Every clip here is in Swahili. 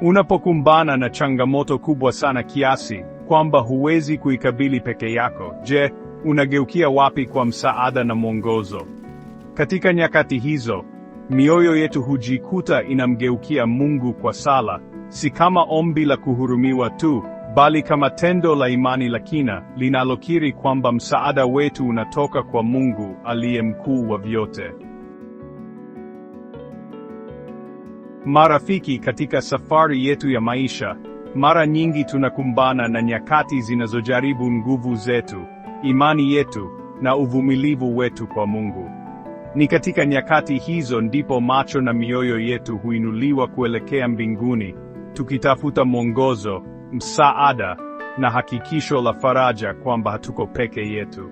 Unapokumbana na changamoto kubwa sana kiasi kwamba huwezi kuikabili peke yako, je, unageukia wapi kwa msaada na mwongozo? Katika nyakati hizo, mioyo yetu hujikuta inamgeukia Mungu kwa sala, si kama ombi la kuhurumiwa tu, bali kama tendo la imani la kina linalokiri kwamba msaada wetu unatoka kwa Mungu aliye mkuu wa vyote. Marafiki, katika safari yetu ya maisha, mara nyingi tunakumbana na nyakati zinazojaribu nguvu zetu, imani yetu na uvumilivu wetu kwa Mungu. Ni katika nyakati hizo ndipo macho na mioyo yetu huinuliwa kuelekea mbinguni, tukitafuta mwongozo, msaada na hakikisho la faraja kwamba hatuko peke yetu.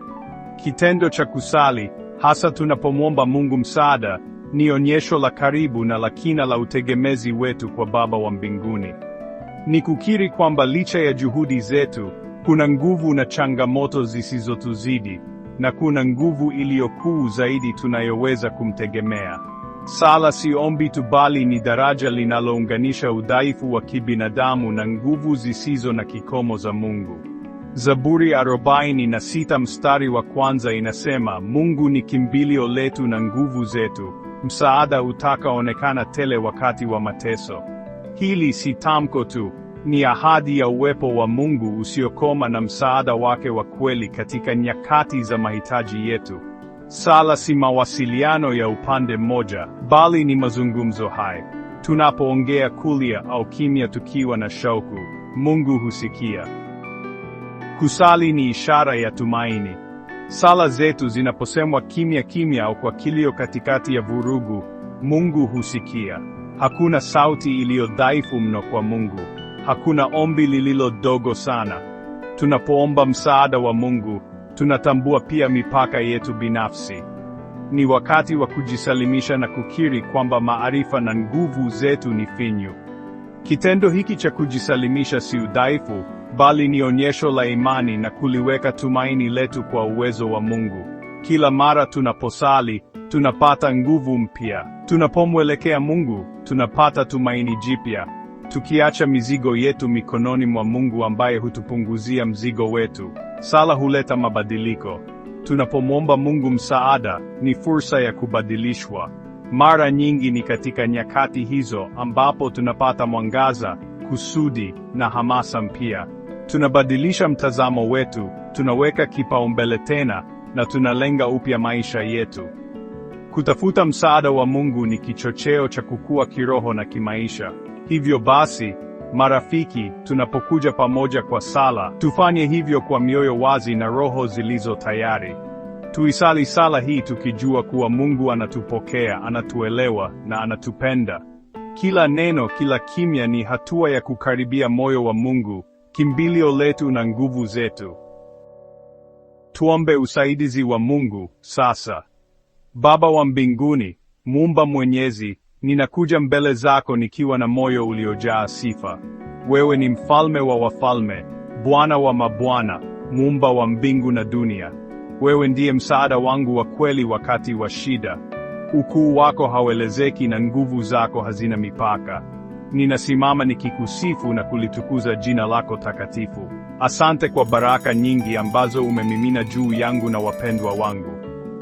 Kitendo cha kusali, hasa tunapomwomba Mungu msaada, ni onyesho la karibu na la kina la utegemezi wetu kwa Baba wa mbinguni. Ni kukiri kwamba licha ya juhudi zetu, kuna nguvu na changamoto zisizotuzidi, na kuna nguvu iliyokuu zaidi tunayoweza kumtegemea. Sala si ombi tu, bali ni daraja linalounganisha udhaifu wa kibinadamu na nguvu zisizo na kikomo za Mungu. Zaburi arobaini na sita mstari wa kwanza inasema, Mungu ni kimbilio letu na nguvu zetu Msaada utakaonekana tele wakati wa mateso. Hili si tamko tu, ni ahadi ya uwepo wa Mungu usiokoma na msaada wake wa kweli katika nyakati za mahitaji yetu. Sala si mawasiliano ya upande mmoja, bali ni mazungumzo hai. Tunapoongea kulia au kimya tukiwa na shauku, Mungu husikia. Kusali ni ishara ya tumaini. Sala zetu zinaposemwa kimya kimya au kwa kilio katikati ya vurugu, Mungu husikia. Hakuna sauti iliyo dhaifu mno kwa Mungu. Hakuna ombi lililo dogo sana. Tunapoomba msaada wa Mungu, tunatambua pia mipaka yetu binafsi. Ni wakati wa kujisalimisha na kukiri kwamba maarifa na nguvu zetu ni finyu. Kitendo hiki cha kujisalimisha si udhaifu, bali ni onyesho la imani na kuliweka tumaini letu kwa uwezo wa Mungu. Kila mara tunaposali, tunapata nguvu mpya. Tunapomwelekea Mungu, tunapata tumaini jipya. Tukiacha mizigo yetu mikononi mwa Mungu ambaye hutupunguzia mzigo wetu. Sala huleta mabadiliko. Tunapomwomba Mungu msaada, ni fursa ya kubadilishwa. Mara nyingi ni katika nyakati hizo ambapo tunapata mwangaza, kusudi na hamasa mpya. Tunabadilisha mtazamo wetu, tunaweka kipaumbele tena na tunalenga upya maisha yetu. Kutafuta msaada wa Mungu ni kichocheo cha kukua kiroho na kimaisha. Hivyo basi, marafiki, tunapokuja pamoja kwa sala, tufanye hivyo kwa mioyo wazi na roho zilizo tayari. Tuisali sala hii tukijua kuwa Mungu anatupokea, anatuelewa na anatupenda. Kila neno, kila kimya ni hatua ya kukaribia moyo wa Mungu kimbilio letu na nguvu zetu. Tuombe usaidizi wa Mungu sasa. Baba wa mbinguni, Muumba Mwenyezi, ninakuja mbele zako nikiwa na moyo uliojaa sifa. Wewe ni mfalme wa wafalme, Bwana wa mabwana, Muumba wa mbingu na dunia. Wewe ndiye msaada wangu wa kweli wakati wa shida. Ukuu wako hauelezeki na nguvu zako hazina mipaka ninasimama nikikusifu na kulitukuza jina lako takatifu. Asante kwa baraka nyingi ambazo umemimina juu yangu na wapendwa wangu.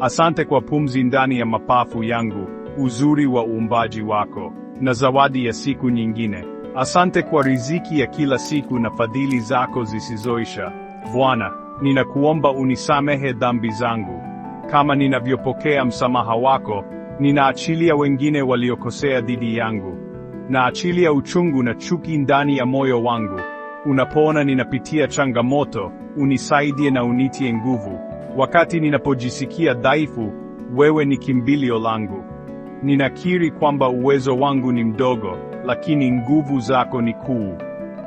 Asante kwa pumzi ndani ya mapafu yangu, uzuri wa uumbaji wako na zawadi ya siku nyingine. Asante kwa riziki ya kila siku na fadhili zako zisizoisha. Bwana, ninakuomba unisamehe dhambi zangu kama ninavyopokea msamaha wako. Ninaachilia wengine waliokosea dhidi yangu na achilia uchungu na chuki ndani ya moyo wangu. Unapoona ninapitia changamoto, unisaidie na unitie nguvu. Wakati ninapojisikia dhaifu, wewe ni kimbilio langu. Ninakiri kwamba uwezo wangu ni mdogo, lakini nguvu zako ni kuu.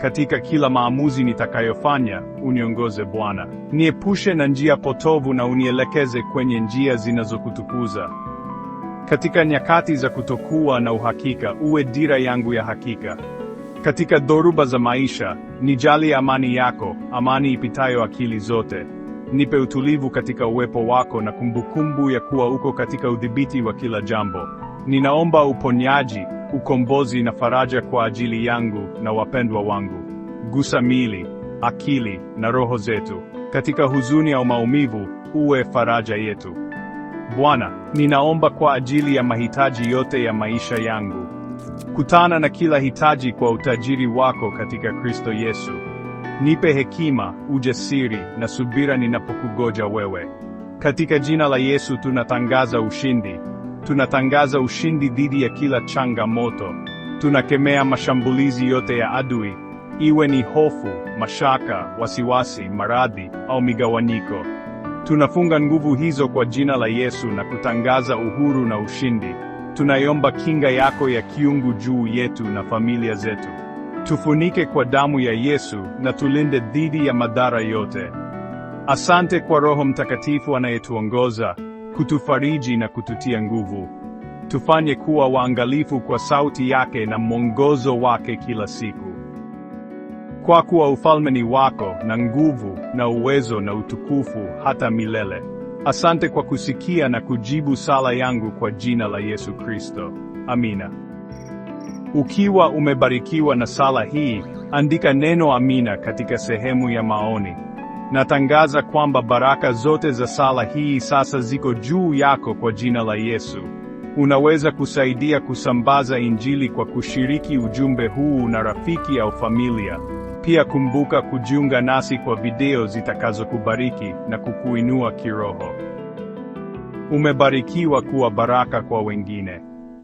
Katika kila maamuzi nitakayofanya, uniongoze Bwana. Niepushe na njia potovu na unielekeze kwenye njia zinazokutukuza. Katika nyakati za kutokuwa na uhakika, uwe dira yangu ya hakika. Katika dhoruba za maisha, nijali amani yako, amani ipitayo akili zote. Nipe utulivu katika uwepo wako na kumbukumbu ya kuwa uko katika udhibiti wa kila jambo. Ninaomba uponyaji, ukombozi na faraja kwa ajili yangu na wapendwa wangu. Gusa mili, akili na roho zetu. Katika huzuni au maumivu, uwe faraja yetu. Bwana, ninaomba kwa ajili ya mahitaji yote ya maisha yangu. Kutana na kila hitaji kwa utajiri wako katika Kristo Yesu. Nipe hekima, ujasiri na subira ninapokugoja wewe. Katika jina la Yesu tunatangaza ushindi. Tunatangaza ushindi dhidi ya kila changamoto. Tunakemea mashambulizi yote ya adui, iwe ni hofu, mashaka, wasiwasi, maradhi au migawanyiko. Tunafunga nguvu hizo kwa jina la Yesu na kutangaza uhuru na ushindi. Tunaiomba kinga yako ya kiungu juu yetu na familia zetu. Tufunike kwa damu ya Yesu na tulinde dhidi ya madhara yote. Asante kwa Roho Mtakatifu anayetuongoza, kutufariji na kututia nguvu. Tufanye kuwa waangalifu kwa sauti yake na mwongozo wake kila siku kwa kuwa ufalme ni wako na nguvu na uwezo na utukufu hata milele. Asante kwa kusikia na kujibu sala yangu kwa jina la Yesu Kristo. Amina. Ukiwa umebarikiwa na sala hii, andika neno amina katika sehemu ya maoni. Natangaza kwamba baraka zote za sala hii sasa ziko juu yako kwa jina la Yesu. Unaweza kusaidia kusambaza Injili kwa kushiriki ujumbe huu na rafiki au familia. Pia kumbuka kujiunga nasi kwa video zitakazokubariki na kukuinua kiroho. Umebarikiwa kuwa baraka kwa wengine.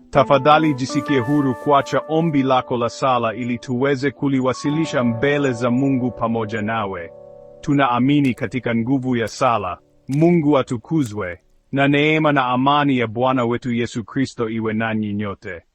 Tafadhali jisikie huru kuacha ombi lako la sala ili tuweze kuliwasilisha mbele za Mungu pamoja nawe. Tunaamini katika nguvu ya sala. Mungu atukuzwe, na neema na amani ya Bwana wetu Yesu Kristo iwe nanyi nyote.